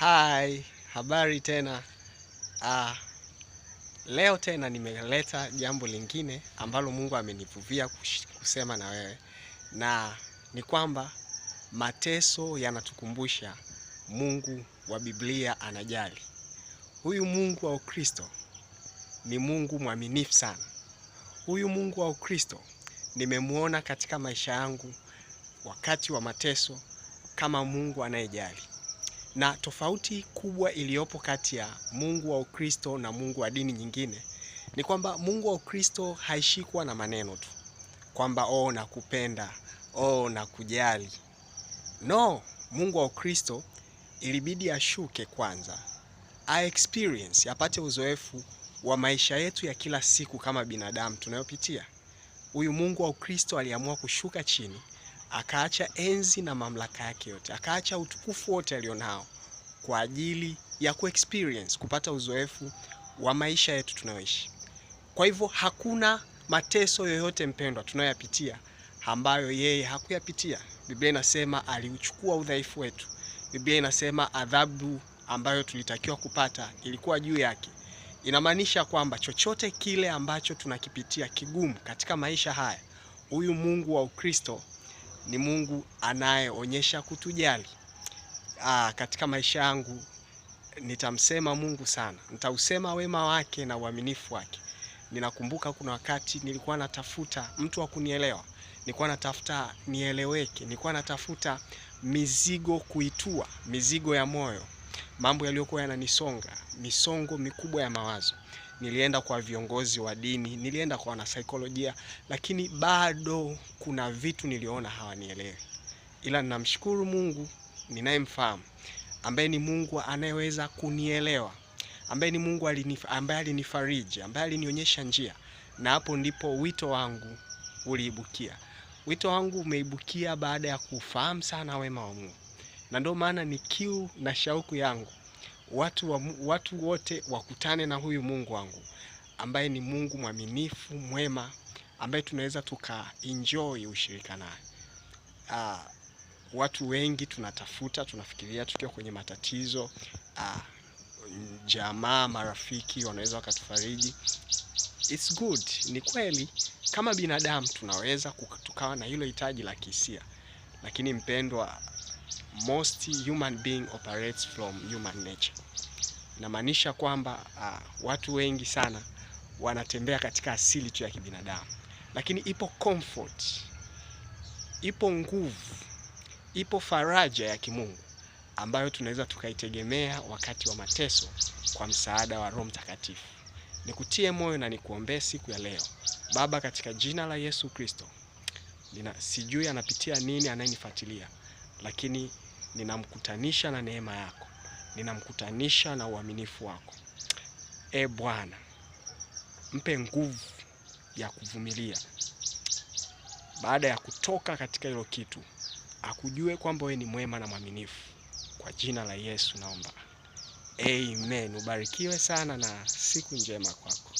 Hi, habari tena. Ah, leo tena nimeleta jambo lingine ambalo Mungu amenivuvia kusema na wewe, na ni kwamba mateso yanatukumbusha Mungu wa Biblia anajali. Huyu Mungu wa Ukristo ni Mungu mwaminifu sana. Huyu Mungu wa Ukristo nimemwona katika maisha yangu wakati wa mateso kama Mungu anayejali na tofauti kubwa iliyopo kati ya Mungu wa Ukristo na Mungu wa dini nyingine ni kwamba Mungu wa Ukristo haishikwa na maneno tu kwamba oh, nakupenda oh, nakujali. No, Mungu wa Ukristo ilibidi ashuke kwanza, a experience, apate uzoefu wa maisha yetu ya kila siku kama binadamu tunayopitia. Huyu Mungu wa Ukristo aliamua kushuka chini akaacha enzi na mamlaka yake yote, akaacha utukufu wote alionao kwa ajili ya experience kupata uzoefu wa maisha yetu tunayoishi. Kwa hivyo hakuna mateso yoyote mpendwa, tunayoyapitia ambayo yeye hakuyapitia. Biblia inasema aliuchukua udhaifu wetu. Biblia inasema adhabu ambayo tulitakiwa kupata ilikuwa juu yake. Inamaanisha kwamba chochote kile ambacho tunakipitia kigumu katika maisha haya, huyu Mungu wa Ukristo ni Mungu anayeonyesha kutujali. Aa, ah, katika maisha yangu nitamsema Mungu sana, nitausema wema wake na uaminifu wake. Ninakumbuka kuna wakati nilikuwa natafuta mtu wa kunielewa, nilikuwa natafuta nieleweke, nilikuwa natafuta mizigo kuitua, mizigo ya moyo, mambo yaliyokuwa yananisonga, misongo mikubwa ya mawazo nilienda kwa viongozi wa dini, nilienda kwa wanasaikolojia, lakini bado kuna vitu niliona hawanielewi, ila ninamshukuru Mungu ninayemfahamu ambaye ni Mungu anayeweza kunielewa, ambaye ni Mungu alinif, ambaye alinifariji, ambaye alinionyesha njia, na hapo ndipo wito wangu uliibukia. Wito wangu umeibukia baada ya kufahamu sana wema wa Mungu, na ndio maana ni kiu na shauku yangu watu, wa, watu wote wakutane na huyu Mungu wangu ambaye ni Mungu mwaminifu mwema, ambaye tunaweza tuka enjoy ushirika naye. Uh, watu wengi tunatafuta, tunafikiria tukiwa kwenye matatizo uh, jamaa, marafiki wanaweza wakatufariji. It's good, ni kweli, kama binadamu tunaweza tukawa na hilo hitaji la kihisia, lakini mpendwa most human being operates from human nature. Inamaanisha kwamba uh, watu wengi sana wanatembea katika asili tu ya kibinadamu, lakini ipo comfort, ipo nguvu, ipo faraja ya kimungu ambayo tunaweza tukaitegemea wakati wa mateso kwa msaada wa Roho Mtakatifu. Nikutie moyo na nikuombee siku ya leo. Baba, katika jina la Yesu Kristo, sijui anapitia nini anayenifuatilia lakini ninamkutanisha na neema yako, ninamkutanisha na uaminifu wako. E Bwana, mpe nguvu ya kuvumilia baada ya kutoka katika hilo kitu, akujue kwamba wewe ni mwema na mwaminifu. Kwa jina la Yesu naomba, amen. Ubarikiwe sana na siku njema kwako.